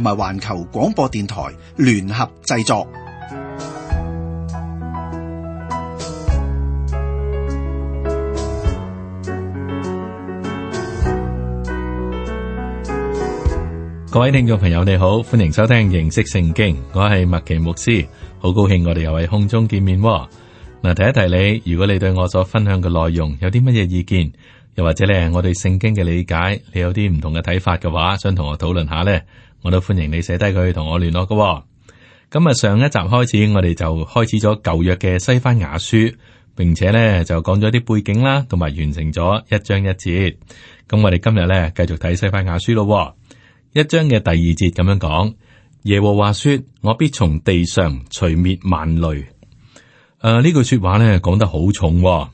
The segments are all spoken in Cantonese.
同埋環球廣播電台聯合製作。各位聽眾朋友，你好，歡迎收聽認識聖經。我係麥奇牧師，好高興我哋又喺空中見面。嗱，提一提你，如果你對我所分享嘅內容有啲乜嘢意見，又或者咧，我對聖經嘅理解，你有啲唔同嘅睇法嘅話，想同我討論下呢。我都歡迎你寫低佢同我聯絡嘅、哦。咁啊，上一集開始，我哋就開始咗舊約嘅西番雅書，並且咧就講咗啲背景啦，同埋完成咗一章一節。咁我哋今日咧繼續睇西番雅書咯。一章嘅第二節咁樣講，耶和華說：我必從地上除滅萬類。誒、呃，句呢句說話咧講得好重、哦。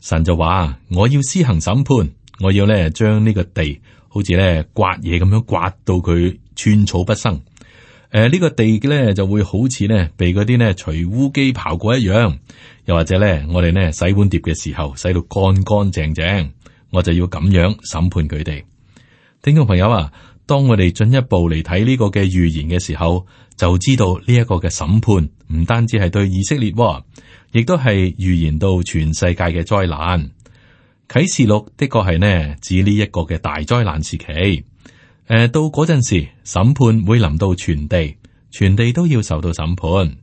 神就話：我要施行審判，我要咧將呢將個地好似咧刮嘢咁樣刮到佢。寸草不生，誒、呃、呢、呢個地呢，就會好似咧被嗰啲咧除污機刨過一樣，又或者呢，我哋咧洗碗碟嘅時候洗到乾乾淨淨，我就要咁樣審判佢哋。聽眾朋友啊，當我哋進一步嚟睇呢個嘅預言嘅時候，就知道呢一個嘅審判唔單止係對以色列，亦都係預言到全世界嘅災難。啟示錄的確係呢，指呢一個嘅大災難時期。誒，到嗰陣時，審判會臨到全地，全地都要受到審判。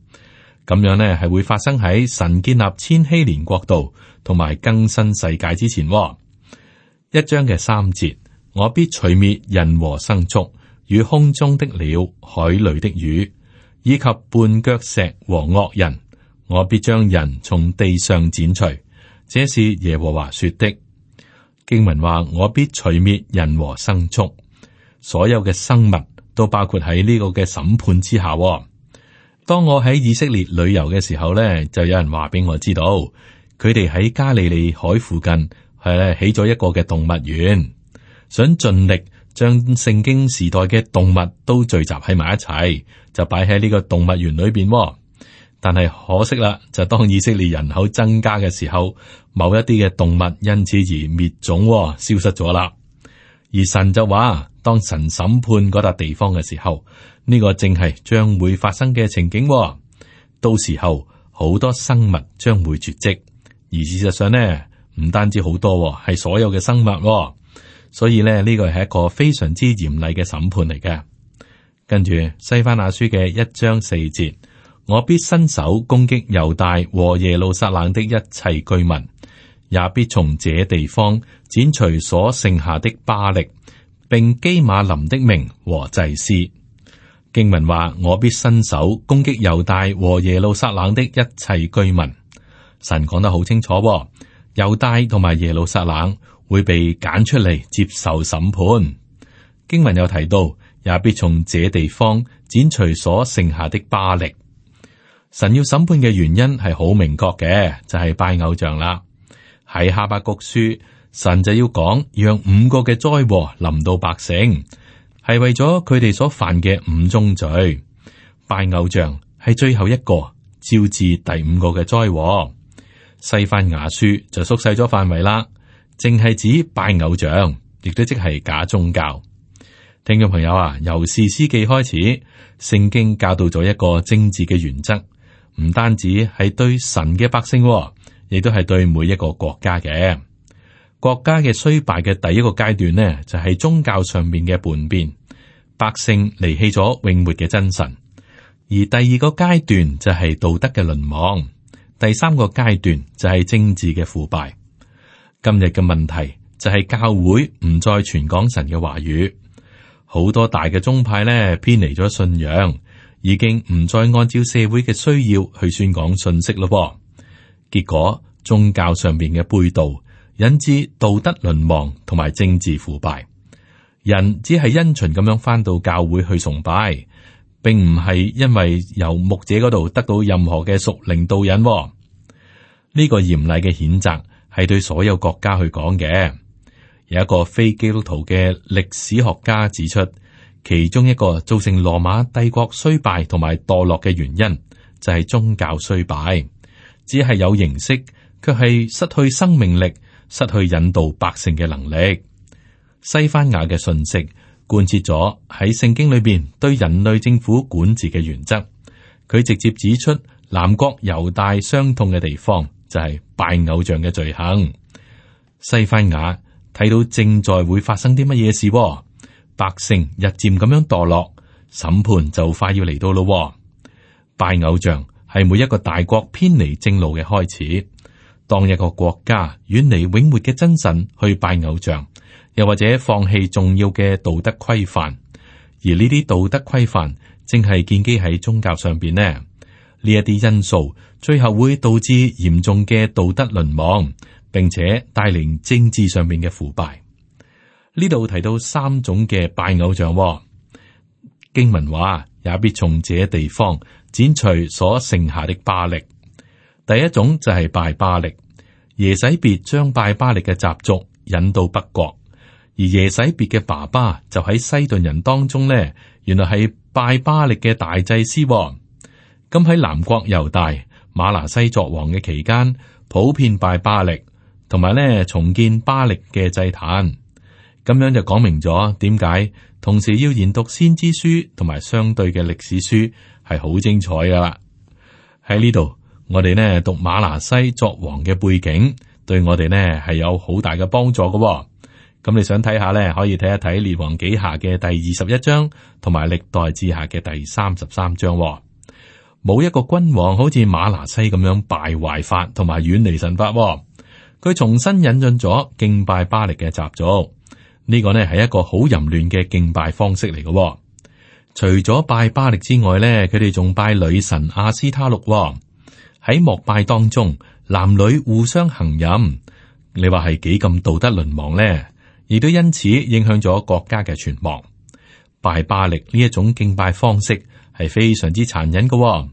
咁樣咧係會發生喺神建立千禧年國度同埋更新世界之前，哦。一章嘅三節，我必除滅人和牲畜與空中的鳥、海裏的魚，以及絆腳石和惡人。我必將人從地上剪除。這是耶和華說的經文話。我必除滅人和牲畜。所有嘅生物都包括喺呢個嘅審判之下。當我喺以色列旅遊嘅時候呢，就有人話俾我知道，佢哋喺加利利海附近係咧起咗一個嘅動物園，想盡力將聖經時代嘅動物都聚集喺埋一齊，就擺喺呢個動物園裏邊。但係可惜啦，就當以色列人口增加嘅時候，某一啲嘅動物因此而滅種，消失咗啦。而神就話：當神審判嗰笪地方嘅時候，呢、這個正係將會發生嘅情景，哦。到時候好多生物將會絕跡，而事實上呢，唔單止好多，係所有嘅生物，哦。所以呢，呢個係一個非常之嚴厲嘅審判嚟嘅。跟住西番雅書嘅一章四節，我必伸手攻擊猶大和耶路撒冷的一切居民。也必從這地方剪除所剩下的巴力，並基馬林的名和祭司。經文話：我必伸手攻擊猶大和耶路撒冷的一切居民。神講得好清楚，猶大同埋耶路撒冷會被揀出嚟接受審判。經文又提到，也必從這地方剪除所剩下的巴力。神要審判嘅原因係好明確嘅，就係拜偶像啦。喺哈巴谷書，神就要講，讓五個嘅災禍臨到百姓，係為咗佢哋所犯嘅五宗罪，拜偶像係最後一個招致第五個嘅災禍。西番雅書就縮細咗範圍啦，淨係指拜偶像，亦都即係假宗教。聽眾朋友啊，由士師記開始，聖經教導咗一個政治嘅原則，唔單止係對神嘅百姓。亦都係對每一個國家嘅國家嘅衰敗嘅第一個階段呢，就係、是、宗教上面嘅叛變，百姓離棄咗永活嘅真神；而第二個階段就係道德嘅淪亡，第三個階段就係政治嘅腐敗。今日嘅問題就係教會唔再傳講神嘅話語，好多大嘅宗派呢偏離咗信仰，已經唔再按照社會嘅需要去宣講信息咯。結果宗教上面嘅背道，引致道德淪亡同埋政治腐敗。人只係因循咁樣返到教會去崇拜，並唔係因為由牧者嗰度得到任何嘅屬靈導引。呢個嚴厲嘅譴責係對所有國家去講嘅。有一個非基督徒嘅歷史學家指出，其中一個造成羅馬帝國衰敗同埋墮落嘅原因，就係宗教衰敗。只係有形式，卻係失去生命力，失去引導百姓嘅能力。西番雅嘅信息貫徹咗喺聖經裏邊對人類政府管治嘅原則。佢直接指出南國猶大傷痛嘅地方就係、是、拜偶像嘅罪行。西番雅睇到正在會發生啲乜嘢事、哦，百姓日漸咁樣墮落，審判就快要嚟到咯、哦。拜偶像。係每一個大國偏離正路嘅開始。當一個國家遠離永活嘅真神去拜偶像，又或者放棄重要嘅道德規範，而呢啲道德規範正係建基喺宗教上邊呢？呢一啲因素，最後會導致嚴重嘅道德淪亡，並且帶嚟政治上面嘅腐敗。呢度提到三種嘅拜偶像，經文話，也必從這地方，剪除所剩下的巴力，第一種就係拜巴力。耶洗別將拜巴力嘅習俗引到北國，而耶洗別嘅爸爸就喺西頓人當中呢，原來係拜巴力嘅大祭司。咁喺南國猶大馬拿西作王嘅期間，普遍拜巴力，同埋呢，重建巴力嘅祭壇。咁樣就講明咗點解，同時要研讀先知書同埋相對嘅歷史書。係好精彩噶啦！喺呢度，我哋呢讀馬拿西作王嘅背景，對我哋呢係有好大嘅幫助嘅。咁你想睇下呢，可以睇一睇《列王記下》嘅第二十一章，同埋《歷代誌下》嘅第三十三章。冇一個君王好似馬拿西咁樣敗壞法，同埋遠離神法。佢重新引進咗敬拜巴力嘅習俗，呢個呢係一個好淫亂嘅敬拜方式嚟嘅。除咗拜巴力之外咧，佢哋仲拜女神阿斯他錄喎、哦。喺膜拜當中，男女互相行淫，你話係幾咁道德淪亡咧？亦都因此影響咗國家嘅存亡。拜巴力呢一種敬拜方式係非常之殘忍噶、哦。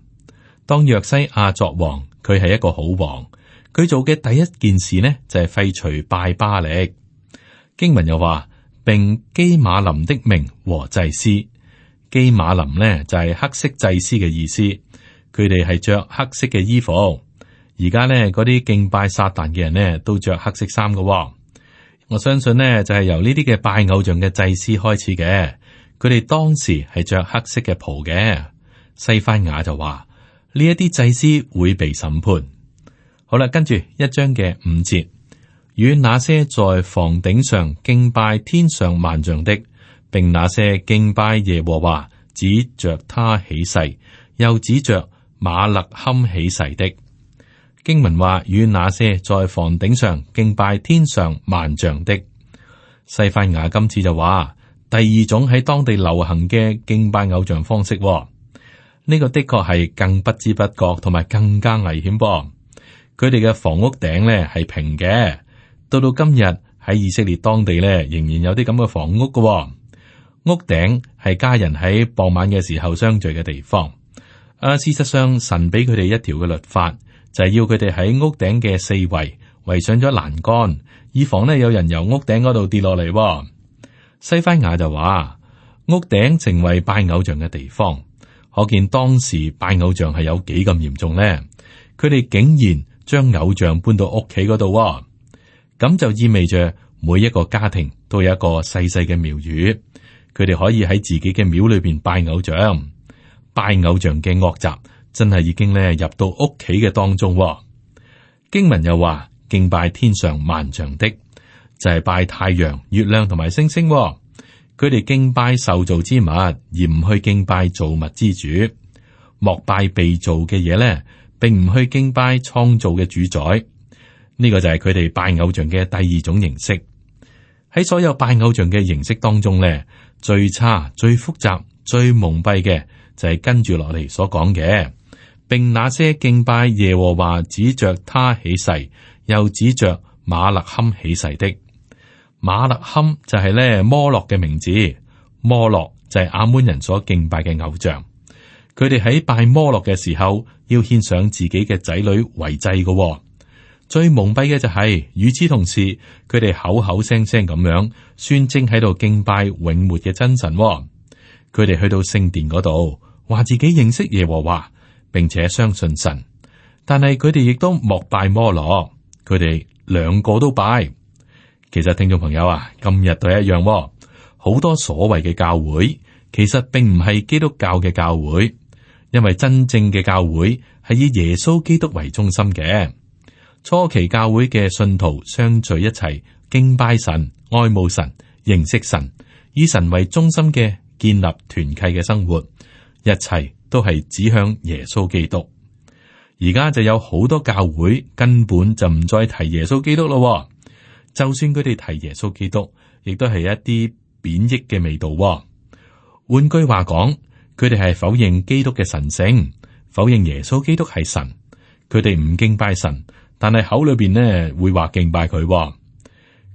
當約西亞作王，佢係一個好王，佢做嘅第一件事呢就係、是、廢除拜巴力。經文又，又話並基馬林的名和祭司。基馬林呢就係、是、黑色祭司嘅意思，佢哋係着黑色嘅衣服。而家呢嗰啲敬拜撒旦嘅人呢都着黑色衫噶、哦。我相信呢就係、是、由呢啲嘅拜偶像嘅祭司開始嘅，佢哋當時係着黑色嘅袍嘅。西番雅就話呢一啲祭司會被審判。好啦，跟住一章嘅五節，與那些在房頂上敬拜天上萬象的。並那些敬拜耶和華，指着他起誓，又指着馬勒堪起誓的經文話，與那些在房頂上敬拜天上萬象的。西番雅今次就話，第二種喺當地流行嘅敬拜偶像方式，呢個的確係更不知不覺，同埋更加危險噃。佢哋嘅房屋頂呢係平嘅，到到今日喺以色列當地呢，仍然有啲咁嘅房屋噶。屋頂係家人喺傍晚嘅時候相聚嘅地方。啊，事實上神俾佢哋一條嘅律法，就係要佢哋喺屋頂嘅四圍圍上咗欄杆，以防咧有人由屋頂嗰度跌落嚟。西番雅就話屋頂成為拜偶像嘅地方，可見當時拜偶像係有幾咁嚴重呢？佢哋竟然將偶像搬到屋企嗰度，咁就意味著每一個家庭都有一個細細嘅廟宇。佢哋可以喺自己嘅廟裏邊拜偶像，拜偶像嘅惡習真係已經咧入到屋企嘅當中。經文又話敬拜天上萬象的，就係、是、拜太陽、月亮同埋星星。佢哋敬拜受造之物，而唔去敬拜造物之主。莫拜被造嘅嘢咧，並唔去敬拜創造嘅主宰。呢、這個就係佢哋拜偶像嘅第二種形式。喺所有拜偶像嘅形式當中咧。最差、最複雜、最蒙蔽嘅就係跟住落嚟所講嘅，並那些敬拜耶和華，指着他起誓，又指着馬勒堪起誓的馬勒堪就係咧摩洛嘅名字。摩洛就係亞捫人所敬拜嘅偶像。佢哋喺拜摩洛嘅時候，要獻上自己嘅仔女為祭嘅，哦。最蒙蔽嘅就係，與此同時，佢哋口口聲聲咁樣宣稱喺度敬拜永活嘅真神。佢哋去到聖殿嗰度，話自己認識耶和華，並且相信神。但係佢哋亦都膜拜摩羅，佢哋兩個都拜。其實聽眾朋友啊，今日都一樣，好多所謂嘅教會，其實並唔係基督教嘅教會，因為真正嘅教會係以耶穌基督為中心嘅。初期教會嘅信徒相聚一齊，敬拜神、愛慕神、認識神，以神為中心嘅建立團契嘅生活，一切都係指向耶穌基督。而家就有好多教會根本就唔再提耶穌基督咯。就算佢哋提耶穌基督，亦都係一啲貶抑嘅味道。換句話講，佢哋係否認基督嘅神聖，否認耶穌基督係神。佢哋唔敬拜神。但係口裏邊呢會話敬拜佢、哦，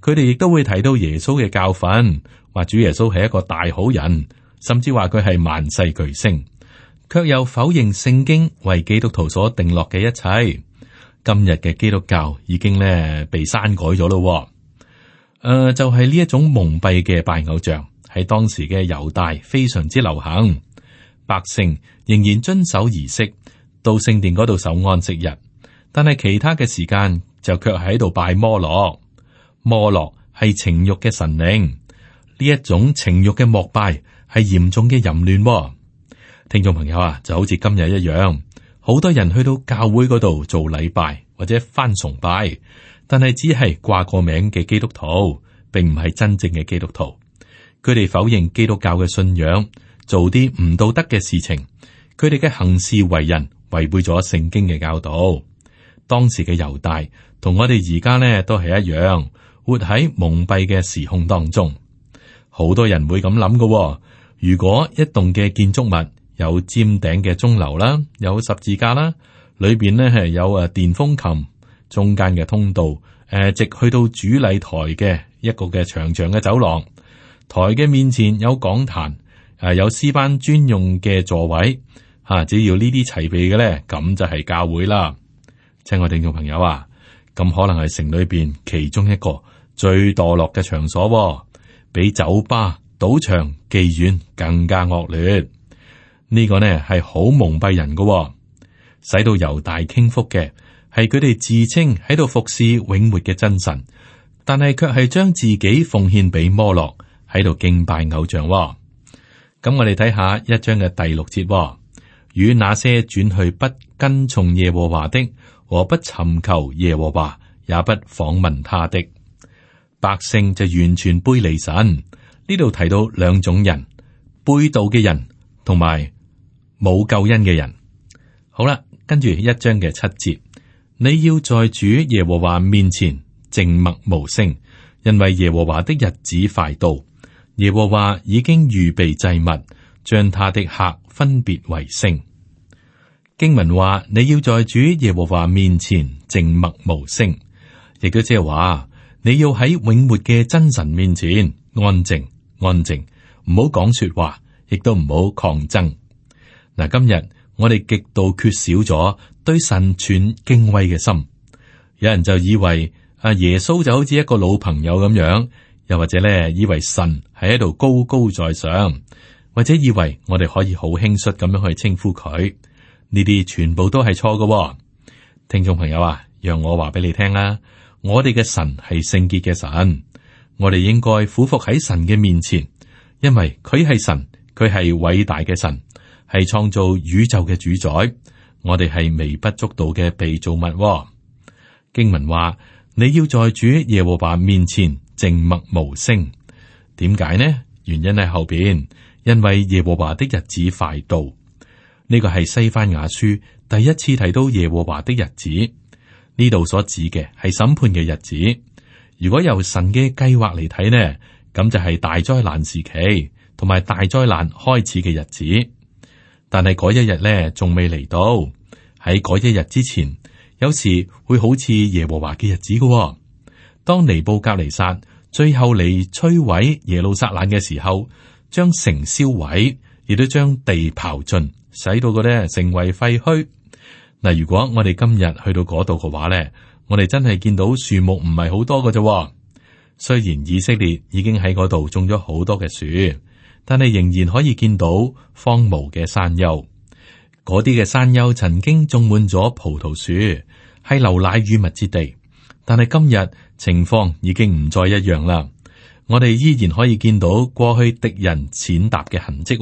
佢哋亦都會提到耶穌嘅教訓，話主耶穌係一個大好人，甚至話佢係萬世巨星，卻又否認聖經為基督徒所定落嘅一切。今日嘅基督教已經呢被刪改咗咯、哦，誒、呃、就係呢一種蒙蔽嘅拜偶像喺當時嘅猶大非常之流行，百姓仍然遵守儀式，到聖殿嗰度守安息日。但係其他嘅時間就卻喺度拜摩洛。摩洛係情欲嘅神靈，呢一種情欲嘅膜拜係嚴重嘅淫亂。聽眾朋友啊，就好似今日一樣，好多人去到教會嗰度做禮拜或者返崇拜，但係只係掛個名嘅基督徒，並唔係真正嘅基督徒。佢哋否認基督教嘅信仰，做啲唔道德嘅事情。佢哋嘅行事為人，違背咗聖經嘅教導。當時嘅猶大同我哋而家呢都係一樣，活喺蒙蔽嘅時空當中。好多人會咁諗嘅。如果一棟嘅建築物有尖頂嘅鐘樓啦，有十字架啦，裏邊呢係有誒電風琴，中間嘅通道，誒直去到主禮台嘅一個嘅長長嘅走廊，台嘅面前有講壇，誒有師班專用嘅座位，吓只要呢啲齊備嘅咧，咁就係教會啦。親愛聽眾朋友啊，咁可能係城裏邊其中一個最墮落嘅場所，哦，比酒吧、賭場、妓院更加惡劣。呢，這個呢係好蒙蔽人噶、哦，使到猶大傾覆嘅係佢哋自稱喺度服侍永活嘅真神，但係卻係將自己奉獻俾摩洛喺度敬拜偶像，哦。咁，嗯，我哋睇下一章嘅第六節，哦，與那些轉去不跟從耶和華的。我不尋求耶和華，也不訪問他的。百姓就完全背離神。呢度提到兩種人：背道嘅人同埋冇救恩嘅人。好啦，跟住一章嘅七節，你要在主耶和華面前靜默無聲，因為耶和華的日子快到，耶和華已經預備祭物，將他的客分別為聖。經文話你要在主耶和華面前靜默無聲，亦都即係話你要喺永活嘅真神面前安靜安靜，唔好講說話，亦都唔好抗爭。嗱，今日我哋極度缺少咗對神存敬畏嘅心。有人就以為啊，耶穌就好似一個老朋友咁樣，又或者咧，以為神係喺度高高在上，或者以為我哋可以好輕率咁樣去稱呼佢。呢啲全部都係錯嘅。哦，聽眾朋友啊，讓我話俾你聽啦。我哋嘅神係聖潔嘅神，我哋應該俯伏喺神嘅面前，因為佢係神，佢係偉大嘅神，係創造宇宙嘅主宰。我哋係微不足道嘅被造物。哦。經文話你要在主耶和華面前靜默無聲，點解呢？原因喺後邊，因為耶和華的日子快到。呢個係西番雅書第一次提到耶和華的日子。呢度所指嘅係審判嘅日子。如果由神嘅計劃嚟睇呢，咁就係大災難時期同埋大災難開始嘅日子。但係嗰一日呢，仲未嚟到。喺嗰一日之前，有時會好似耶和華嘅日子嘅、哦。當尼布甲尼撒最後嚟摧毀耶路撒冷嘅時候，將城燒毀，亦都將地刨盡。使到個咧成為廢墟。嗱，如果我哋今日去到嗰度嘅話咧，我哋真係見到樹木唔係好多嘅啫。雖然以色列已經喺嗰度種咗好多嘅樹，但係仍然可以見到荒蕪嘅山丘。嗰啲嘅山丘曾經種滿咗葡萄樹，係牛奶與蜜之地。但係今日情況已經唔再一樣啦。我哋依然可以見到過去敵人踐踏嘅痕跡。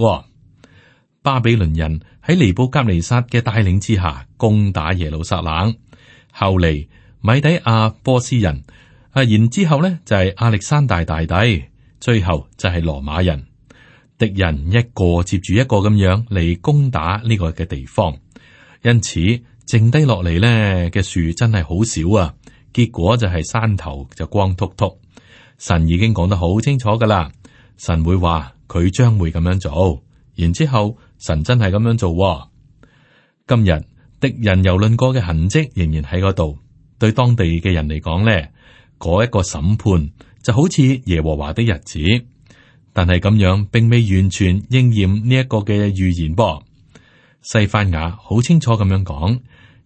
巴比倫人喺尼布甲尼撒嘅帶領之下攻打耶路撒冷，後嚟米底亞波斯人，啊，然之後咧就係亞歷山大大帝，最後就係羅馬人，敵人一個接住一個咁樣嚟攻打呢個嘅地方，因此剩低落嚟呢嘅樹真係好少啊，結果就係山頭就光禿禿，神已經講得好清楚噶啦，神會話佢將會咁樣做，然之後。神真係咁樣做。今日敵人游論過嘅痕跡仍然喺嗰度，對當地嘅人嚟講，呢嗰一個審判就好似耶和華的日子。但係咁樣，並未完全應驗呢一個嘅預言噃。西番雅好清楚咁樣講：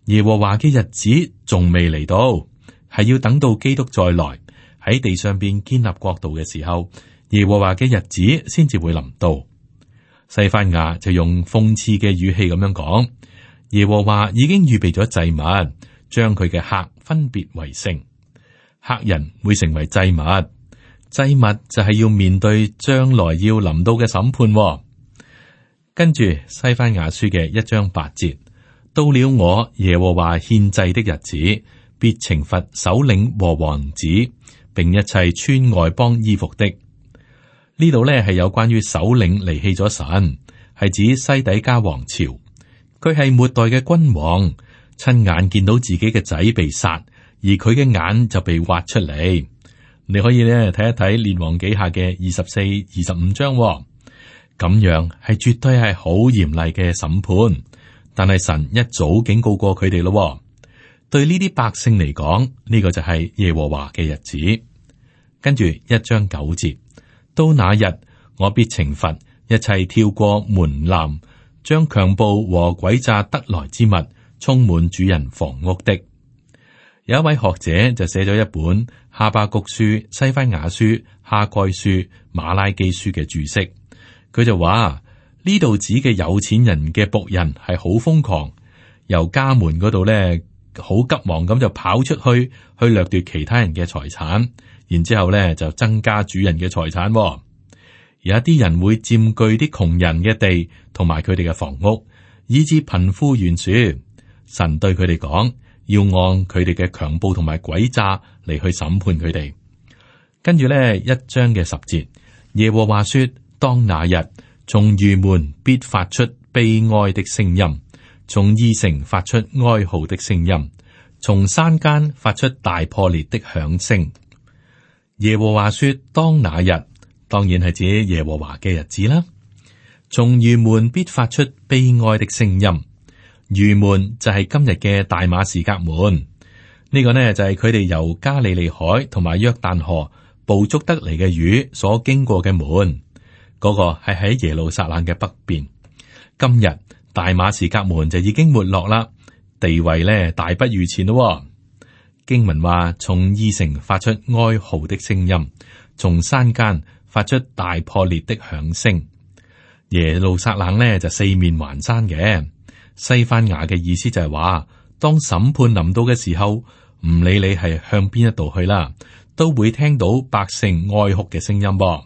耶和華嘅日子仲未嚟到，係要等到基督再來喺地上邊建立國度嘅時候，耶和華嘅日子先至會臨到。西番雅就用諷刺嘅語氣咁樣講：耶和華已經預備咗祭物，將佢嘅客分別為聖，客人會成為祭物，祭物就係要面對將來要臨到嘅審判，哦。跟住西番雅書嘅一章八節，到了我耶和華獻祭的日子，必懲罰首領和王子，並一切穿外邦衣服的。呢度呢係有關於首領離棄咗神，係指西底家王朝。佢係末代嘅君王，親眼見到自己嘅仔被殺，而佢嘅眼就被挖出嚟。你可以呢睇一睇《列王記下》嘅二十四、二十五章，咁樣係絕對係好嚴厲嘅審判。但係神一早警告過佢哋咯，對呢啲百姓嚟講，呢個就係耶和華嘅日子。跟住一章九節。到那日，我必懲罰一切跳過門檻，將強暴和詭詐得來之物充滿主人房屋的。有一位學者就寫咗一本哈巴谷書、西番雅書、哈蓋書、馬拉基書嘅注釋，佢就話呢度指嘅有錢人嘅僕人係好瘋狂，由家門嗰度咧好急忙咁就跑出去去掠奪其他人嘅財產。然之後咧，就增加主人嘅財產，哦，有啲人會佔據啲窮人嘅地，同埋佢哋嘅房屋，以致貧富懸殊。神對佢哋講，要按佢哋嘅強暴同埋詭詐嚟去審判佢哋。跟住咧，一章嘅十節，耶和華說：當那日，從魚門必發出悲哀的聲音，從二城發出哀號的聲音，從山間發出大破裂的響聲。耶和華說：當那日，當然係指耶和華嘅日子啦。從魚門必發出悲哀的聲音。魚門就係今日嘅大馬士革門。呢個呢就係佢哋由加利利海同埋約旦河捕捉得嚟嘅魚所經過嘅門。嗰個係喺耶路撒冷嘅北邊。今日大馬士革門就已經沒落啦，地位呢，大不如前咯。經文話：從二城發出哀嚎的聲音，從山間發出大破裂的響聲。耶路撒冷呢，就四面環山嘅。西番雅嘅意思就係話，當審判臨到嘅時候，唔理你係向邊一度去啦，都會聽到百姓哀哭嘅聲音喎。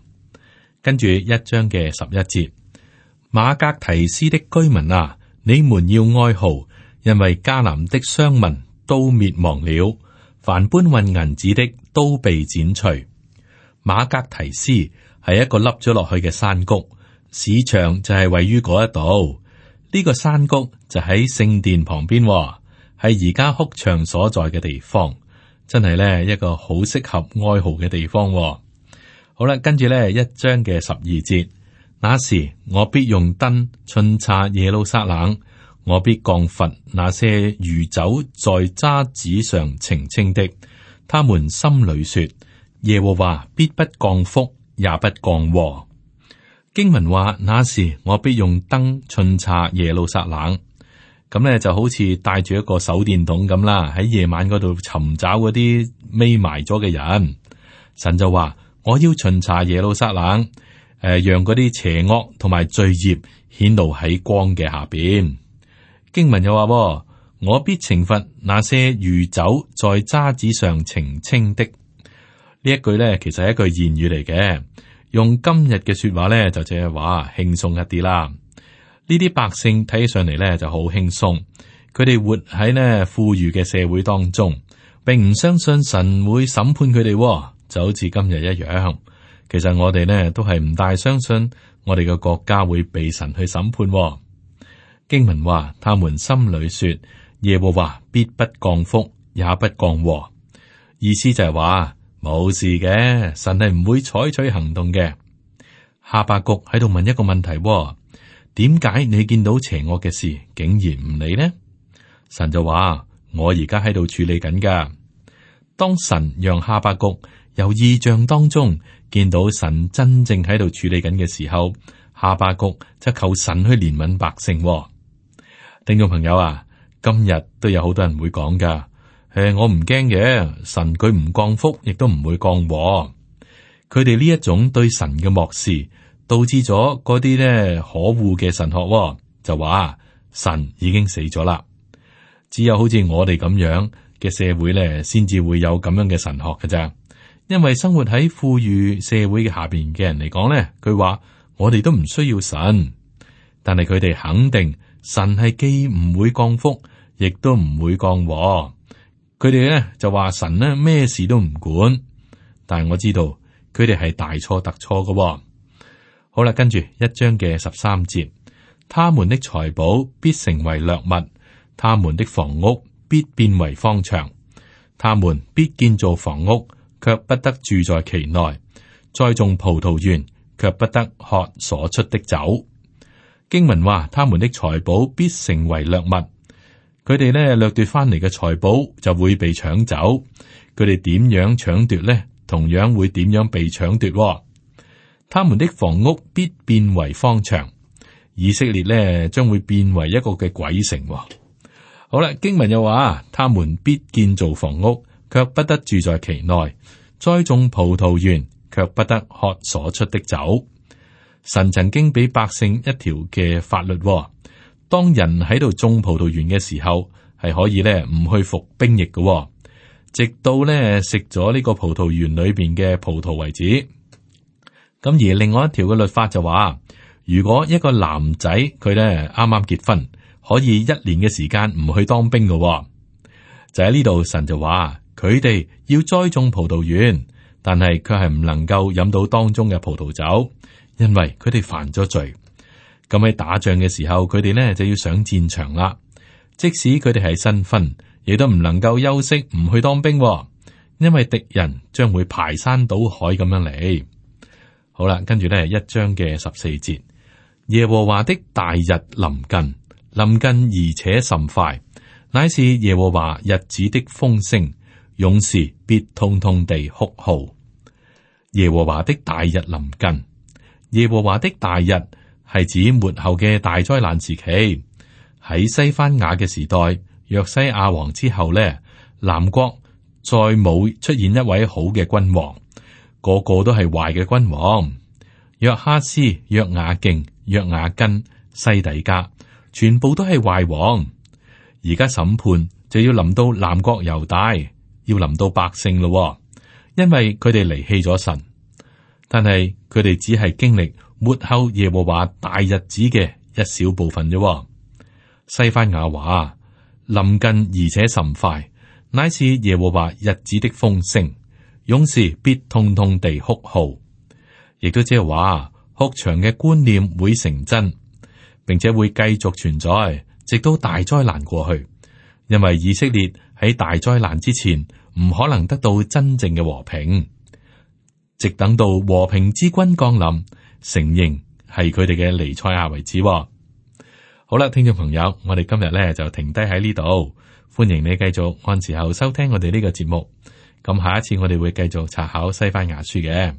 跟住一章嘅十一節，瑪革提施的居民啊，你們要哀嚎，因為迦南的商民都滅亡了。凡搬運銀子的都被剪除。馬格提斯係一個凹咗落去嘅山谷，市場就係位於嗰一度。呢、這個山谷就喺聖殿旁邊，係而家哭場所在嘅地方。真係咧一個好適合哀號嘅地方。好啦，跟住咧一章嘅十二節，那時我必用燈巡查耶路撒冷。我必降罰那些如酒在渣滓上澄清的。他們心裏說：耶和華必不降福，也不降禍。經文話，那時我必用燈巡查耶路撒冷，咁呢就好似帶住一個手電筒咁啦，喺夜晚嗰度尋找嗰啲匿埋咗嘅人。神就話：我要巡查耶路撒冷，誒，讓嗰啲邪惡同埋罪孽顯露喺光嘅下邊。經文又話：我必懲罰那些如酒在渣滓上澄清的。呢一句呢，其實係一句諺語嚟嘅。用今日嘅說話呢，就即係話輕鬆一啲啦。呢啲百姓睇起上嚟呢，就好輕鬆，佢哋活喺呢富裕嘅社會當中，並唔相信神會審判佢哋，就好似今日一樣。其實我哋呢都係唔大相信我哋嘅國家會被神去審判。經文話，他們心裡說：耶和華必不降福，也不降禍。意思就係話冇事嘅神係唔會採取行動嘅。哈巴谷喺度問一個問題、哦：點解你見到邪惡嘅事竟然唔理呢？神就話：我而家喺度處理緊㗎。當神讓哈巴谷由異象當中見到神真正喺度處理緊嘅時候，哈巴谷就靠神去憐憫百姓、哦。另一個朋友啊，今日都有好多人會講噶，誒、欸，我唔驚嘅，神佢唔降福，亦都唔會降禍。佢哋呢一種對神嘅漠視，導致咗嗰啲咧可惡嘅神學，就話神已經死咗啦。只有好似我哋咁樣嘅社會咧，先至會有咁樣嘅神學噶咋。因為生活喺富裕社會嘅下邊嘅人嚟講咧，佢話我哋都唔需要神，但係佢哋肯定。神係既唔會降福，亦都唔會降禍。佢哋咧就話神咧咩事都唔管，但係我知道佢哋係大錯特錯嘅，哦。好啦，跟住一章嘅十三節，他們的財寶必成為掠物，他們的房屋必變為荒場，他們必建造房屋，卻不得住在其內；栽種葡萄園，卻不得喝所出的酒。經文話，他們的財寶必成為掠物，佢哋咧掠奪翻嚟嘅財寶就會被搶走，佢哋點樣搶奪呢？同樣會點樣被搶奪。他們的房屋必變為荒場，以色列呢將會變為一個嘅鬼城。好啦，經文又話，他們必建造房屋，卻不得住在其內；栽種葡萄園，卻不得喝所出的酒。神曾經俾百姓一條嘅法律，哦，當人喺度種葡萄園嘅時候，係可以咧唔去服兵役嘅，哦，直到咧食咗呢個葡萄園裏邊嘅葡萄為止。咁而另外一條嘅律法就話，如果一個男仔佢咧啱啱結婚，可以一年嘅時間唔去當兵嘅，哦。就喺呢度，神就話佢哋要栽種葡萄園，但係佢係唔能夠飲到當中嘅葡萄酒。因為佢哋犯咗罪，咁喺打仗嘅時候，佢哋呢就要上戰場啦。即使佢哋係新婚，亦都唔能夠休息，唔去當兵，哦，因為敵人將會排山倒海咁樣嚟。好啦，跟住呢一章嘅十四節，耶和華的大日臨近，臨近而且甚快，乃是耶和華日子的風聲，勇士必痛痛地哭號。耶和華的大日臨近。耶和華的大日係指末後嘅大災難時期，喺西番雅嘅時代，約西亞王之後呢，南國再冇出現一位好嘅君王，個個都係壞嘅君王。約哈斯、約雅敬、約雅斤、西底家，全部都係壞王。而家審判就要臨到南國猶大，要臨到百姓咯、哦，因為佢哋離棄咗神。但係佢哋只係經歷末後耶和華大日子嘅一小部分啫。西番雅話臨近而且甚快，乃是耶和華日子的風聲，勇士必痛痛地哭號。亦都即係話哭場嘅觀念會成真，並且會繼續存在，直到大災難過去。因為以色列喺大災難之前唔可能得到真正嘅和平。直等到和平之君降臨，承認係佢哋嘅彌賽亞為止。好啦，聽眾朋友，我哋今日咧就停低喺呢度，歡迎你繼續按時候收聽我哋呢個節目。咁下一次我哋會繼續查考西番雅書嘅。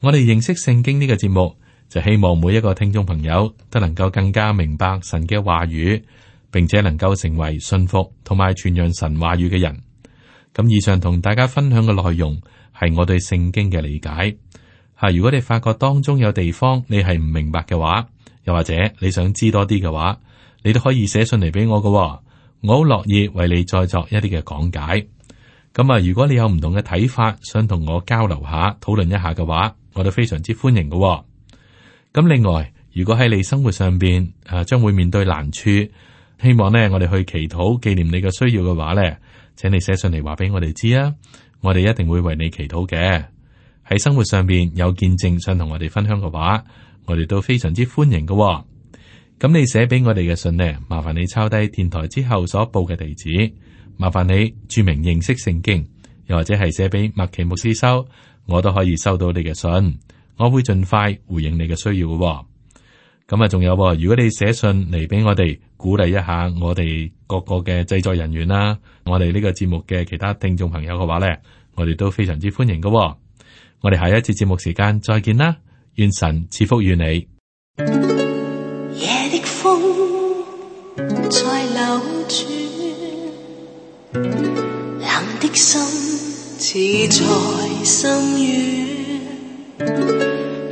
我哋認識聖經呢個節目，就希望每一個聽眾朋友都能夠更加明白神嘅話語，並且能夠成為信服同埋傳揚神話語嘅人。咁以上同大家分享嘅內容。係我對聖經嘅理解吓，如果你發覺當中有地方你係唔明白嘅話，又或者你想知多啲嘅話，你都可以寫信嚟俾我噶，哦，我好樂意為你再作一啲嘅講解。咁啊，如果你有唔同嘅睇法，想同我交流下，討論一下嘅話，我都非常之歡迎噶。咁另外，如果喺你生活上邊啊，將會面對難處，希望呢我哋去祈禱紀念你嘅需要嘅話呢，請你寫信嚟話俾我哋知啊。我哋一定會為你祈禱嘅，喺生活上邊有見證想同我哋分享嘅話，我哋都非常之歡迎嘅，哦。咁你寫俾我哋嘅信呢，麻煩你抄低電台之後所報嘅地址，麻煩你注明認識聖經，又或者係寫俾麥奇牧師收，我都可以收到你嘅信，我會盡快回應你嘅需要，哦。咁啊，仲有，如果你寫信嚟俾我哋鼓勵一下我哋各個嘅製作人員啦，我哋呢個節目嘅其他聽眾朋友嘅話咧，我哋都非常之歡迎嘅。我哋下一次節目時間再見啦，願神賜福與你。夜的風在流轉，冷的心似